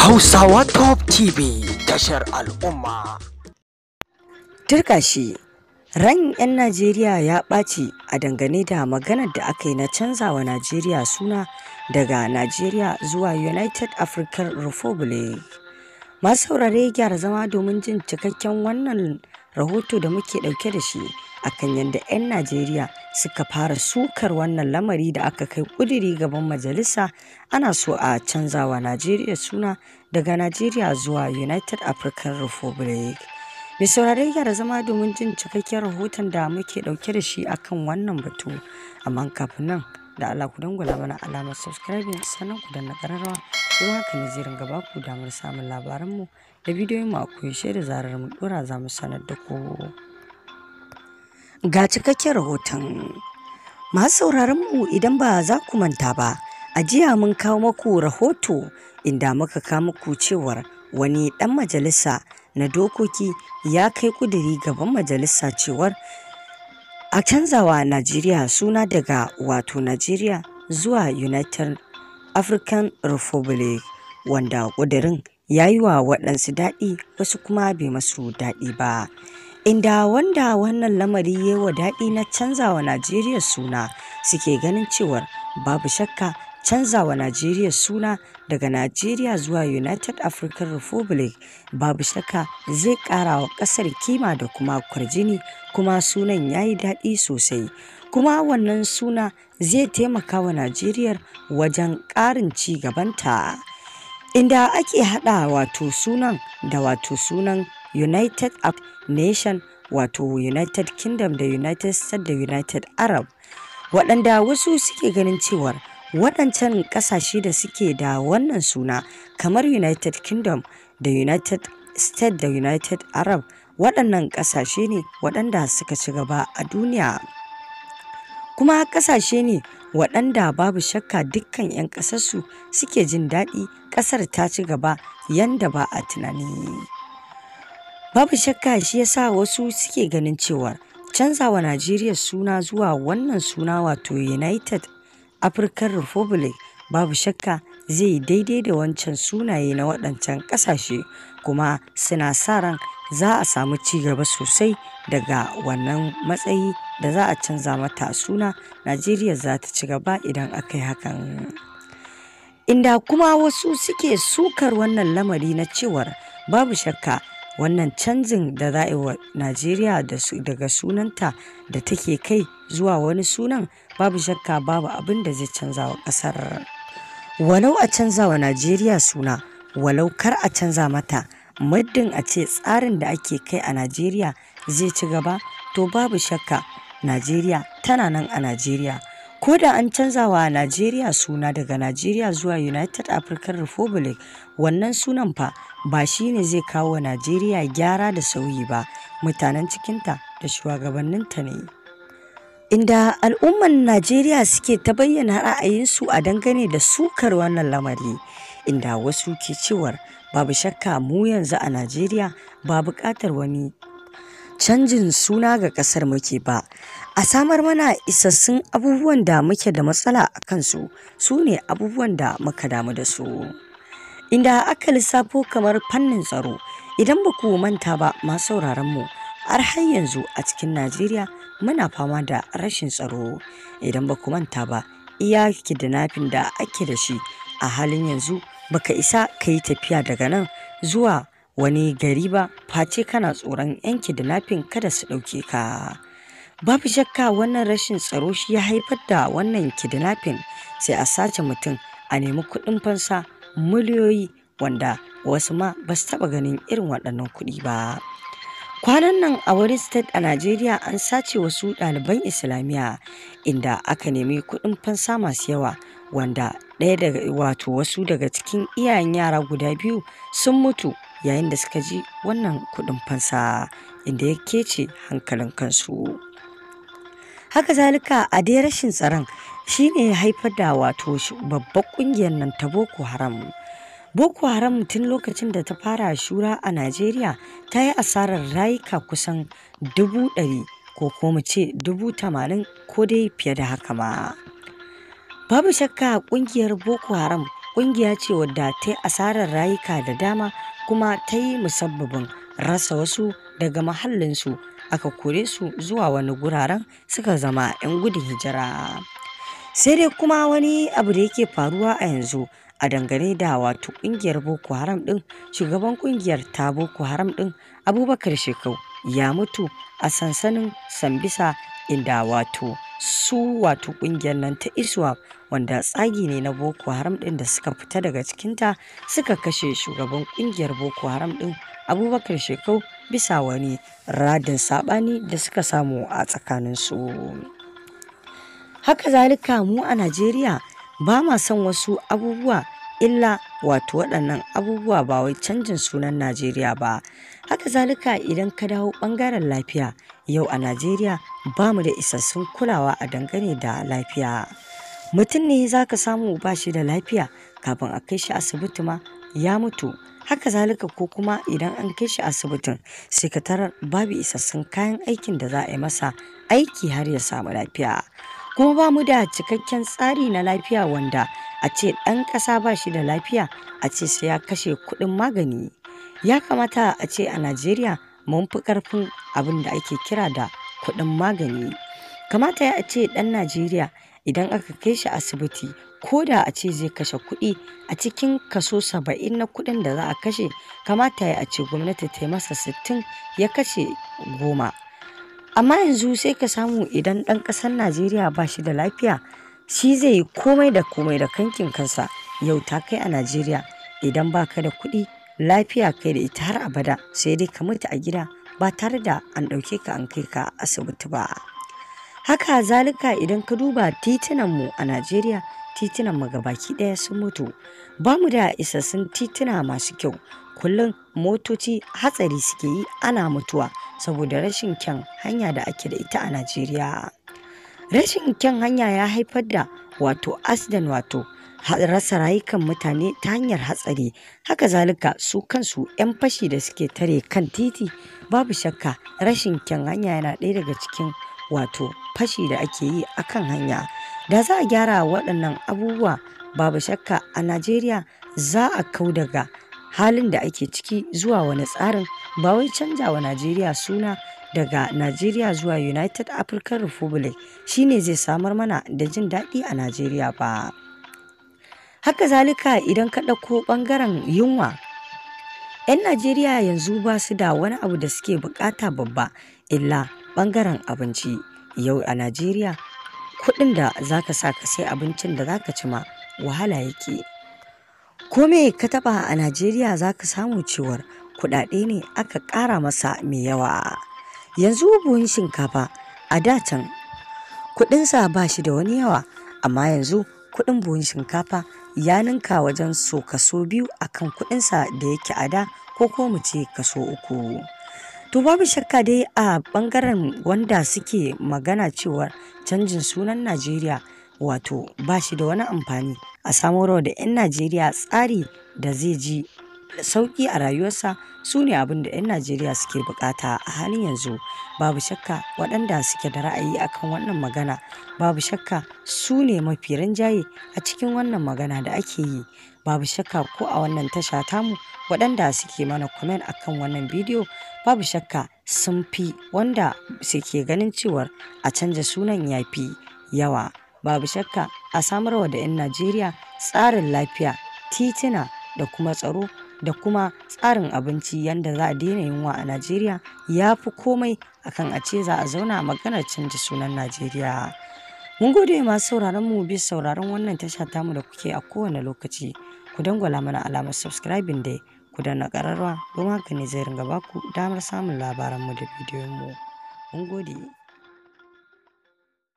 Hausawa Top TV tashar al'umma. Turka shi, ran 'yan Najeriya ya ɓaci a dangane da maganar da aka yi na canzawa Najeriya suna daga Najeriya zuwa United African Republic. Masu saurare gyara zama domin jin cikakken wannan rahoto da muke ɗauke da shi. akan yadda 'yan Najeriya suka fara sukar wannan lamari da aka kai ƙudiri gaban majalisa ana so a canzawa Najeriya suna daga Najeriya zuwa United African Republic. Mai saurare gyara zama domin jin cikakken rahoton da muke dauke da shi akan wannan batu, amma kafin nan da Allah ku dangula mana alamar subscribing sannan ku danna ƙararrawa kuma haka ne zai gaba ku damar samun labaranmu da mu a koyaushe da zarar mu ɗora za mu sanar da ku. Ga cikakken rahoton. Masu sauraron mu idan ba za ku manta ba, a jiya mun kawo maku rahoto inda muka kawo muku cewar wani ɗan majalisa na dokoki ya kai ƙudiri gaban majalisa cewar a canzawa Najeriya suna daga wato Najeriya zuwa United African Republic wanda ƙudirin ya yi wa waɗansu daɗi wasu kuma bai masu daɗi ba. inda wanda wannan lamari ya wa daɗi na canzawa Najeriya suna suke ganin cewar babu shakka canzawa Najeriya suna daga Najeriya zuwa United African Republic babu shakka zai ƙara wa ƙasar kima da kuma kwarjini kuma sunan ya yi daɗi sosai kuma wannan suna zai taimaka wa Najeriya wajen ƙarin ci gabanta inda ake haɗa wato sunan da wato sunan United Arab Nations wato United Kingdom da United States da United Arab waɗanda wasu suke ganin cewar waɗancan ƙasashe da suke da wannan suna kamar United Kingdom da United States da United Arab waɗannan ƙasashe ne waɗanda suka ci gaba a duniya kuma ƙasashe ne waɗanda babu shakka dukkan 'yan ƙasarsu suke jin daɗi ƙasar ta ci gaba yanda ba a tunani. babu shakka shi ya sa wasu suke ganin cewar canzawa najeriya suna zuwa wannan suna wato united african republic babu shakka zai daidai da wancan sunaye na waɗancan ƙasashe kuma suna sa ran za a samu cigaba sosai daga wannan matsayi da za a canza mata suna najeriya za ta ci gaba idan aka yi hakan inda kuma wasu suke sukar wannan lamari na cewar babu shakka Wannan canjin da za a yi wa Najeriya daga sunanta da take kai zuwa wani sunan babu shakka babu abin da zai canza wa ƙasar. Walau a canza wa Najeriya suna, walau kar a canza mata, muddin a ce tsarin da ake kai a Najeriya zai ci gaba to babu shakka Najeriya tana nan a Najeriya. ko da an canza wa Najeriya suna daga Najeriya zuwa United African Republic wannan sunan fa ba shi ne zai kawo Najeriya gyara da sauyi ba mutanen cikinta da shugabanninta ne. Inda al'umman Najeriya suke ta bayyana ra'ayinsu a dangane da sukar wannan lamari inda wasu ke cewar babu shakka mu yanzu a Najeriya ba buƙatar wani canjin suna ga ƙasar muke ba a samar mana isassun abubuwan da muke da matsala a kansu su ne abubuwan da muka damu da su inda aka lissafo kamar fannin tsaro idan ba ku manta ba masu mu har har yanzu a cikin najeriya muna fama da rashin tsaro idan ba ku manta ba iya da nafin da ake da shi a halin yanzu baka isa ka yi tafiya daga nan zuwa wani gari ba face kana tsoron 'yan kidinafin kada su ɗauke ka. Babu shakka wannan rashin tsaro shi ya haifar da wannan kidnapping sai a sace mutum a nemi kuɗin fansa miliyoyi wanda wasu ma ba su taɓa ganin irin waɗannan kuɗi ba. Kwanan nan a wani state a Najeriya an sace wasu ɗaliban Islamiyya inda aka nemi kuɗin fansa masu yawa wanda ɗaya daga wato wasu daga cikin iyayen yara guda biyu sun mutu yayin da suka ji wannan kuɗin fansa inda ya kece hankalin kansu haka zalika a dai rashin tsaron shine ya haifar da wato babbar ƙungiyar nan ta boko haram boko haram tun lokacin da ta fara shura a najeriya ta yi asarar rayuka kusan dubu ɗari ko kuma ce dubu tamanin ko dai fiye da haka ma babu shakka ƙungiyar boko haram ƙungiya ce wadda ta yi asarar rayuka da dama kuma ta yi musabbabin rasa wasu daga mahallinsu aka kore su zuwa wani guraren suka zama 'yan gudun hijira sai dai kuma wani abu da yake faruwa a yanzu a dangane da wato kungiyar boko haram din shugaban kungiyar ta boko haram din abubakar shekau ya mutu a sansanin sambisa inda wato su wato kungiyar nan ta iswap wanda tsagi ne na boko haram din da suka fita daga cikinta suka kashe shugaban kungiyar boko haram din abubakar shekau bisa wani radin sabani da suka samu a tsakanin su haka zalika mu a najeriya ba ma son wasu abubuwa illa wato waɗannan abubuwa ba wai canjin sunan najeriya ba haka zalika idan ka dawo ɓangaren lafiya yau a Najeriya ba mu da isassun kulawa a dangane da lafiya. Mutum ne za ka samu ba shi da lafiya kafin a kai shi asibiti ma ya mutu. Haka zalika ko kuma idan an kai shi asibitin sai ka tarar babu isassun kayan aikin da za a yi masa aiki har ya samu lafiya. Kuma ba mu da cikakken tsari na lafiya wanda a ce ɗan ƙasa ba shi da lafiya a ce sai ya kashe kuɗin magani. Ya kamata a ce a Najeriya mun fi ƙarfin abin da ake kira da kuɗin magani kamata ya ce ɗan najeriya idan aka kai shi asibiti ko da a ce zai kashe kuɗi a cikin kaso saba'in na kuɗin da za a kashe kamata ya ce gwamnati ta masa sittin ya kashe goma amma yanzu sai ka samu idan ɗan ƙasar najeriya ba shi da lafiya shi zai yi komai da komai da kankin kansa yau ta kai a najeriya idan ba ka da kuɗi lafiya kai da ita har abada sai dai ka mutu a gida ba tare da an ɗauke ka an kai ka asibiti ba haka zalika idan ka duba titunan mu a najeriya titunan mu gabaki ɗaya sun mutu ba mu da isassun tituna masu kyau kullum motoci hatsari suke yi ana mutuwa saboda rashin kyan hanya da ake da ita a najeriya rashin kyan hanya ya haifar da wato asdan wato rasa rayukan mutane ta hanyar hatsari haka zalika su kansu 'yan fashi da suke tare kan titi babu shakka rashin kyan hanya yana ɗaya daga cikin wato fashi da ake yi a kan hanya da za a gyara waɗannan abubuwa babu shakka a najeriya za a kau daga halin da ake ciki zuwa wani tsarin ba wai canja wa najeriya suna daga Najeriya zuwa United African Republic shine zai samar mana da jin daɗi a Najeriya ba. haka zalika idan ka ɗauko ɓangaren yunwa 'yan najeriya yanzu ba su da wani abu da suke bukata babba illa ɓangaren abinci yau a najeriya kuɗin da za ka sa ka sai abincin da za ka ci ma wahala yake kome ka taba a najeriya za ka samu cewar kuɗaɗe ne aka ƙara masa mai yawa yanzu buhun shinkafa a datan kuɗinsa ba shi da wani yawa amma yanzu kuɗin buhun shinkafa ya ninka wajen so kaso biyu akan kuɗinsa da yake a da ko ko mu ce kaso uku. To babu shakka dai a ɓangaren wanda suke magana cewar canjin sunan Najeriya wato ba shi da wani amfani a samuwar da 'yan Najeriya tsari da zai ji da sauƙi a rayuwarsa su ne abin da 'yan Najeriya suke buƙata a halin yanzu. Babu shakka waɗanda suke da ra'ayi akan wannan magana, babu shakka su ne mafi rinjaye a cikin wannan magana da ake yi. Babu shakka ko a wannan tasha tamu waɗanda suke mana a akan wannan bidiyo babu shakka sun fi wanda suke ganin cewar a canja sunan ya fi yawa. Babu shakka a samarwa da 'yan Najeriya tsarin lafiya, tituna, da kuma tsaro da kuma tsarin abinci yadda za a daina yunwa a najeriya ya fi komai akan a ce za a zauna a maganar canji sunan najeriya mun gode masu sauraron mu bi sauraron wannan tasha tamu da kuke a kowane lokaci ku dangwala mana alamar subscribing da ku danna ƙararwa don haka ne zai ringa baku damar samun labaran mu da bidiyon mu mun gode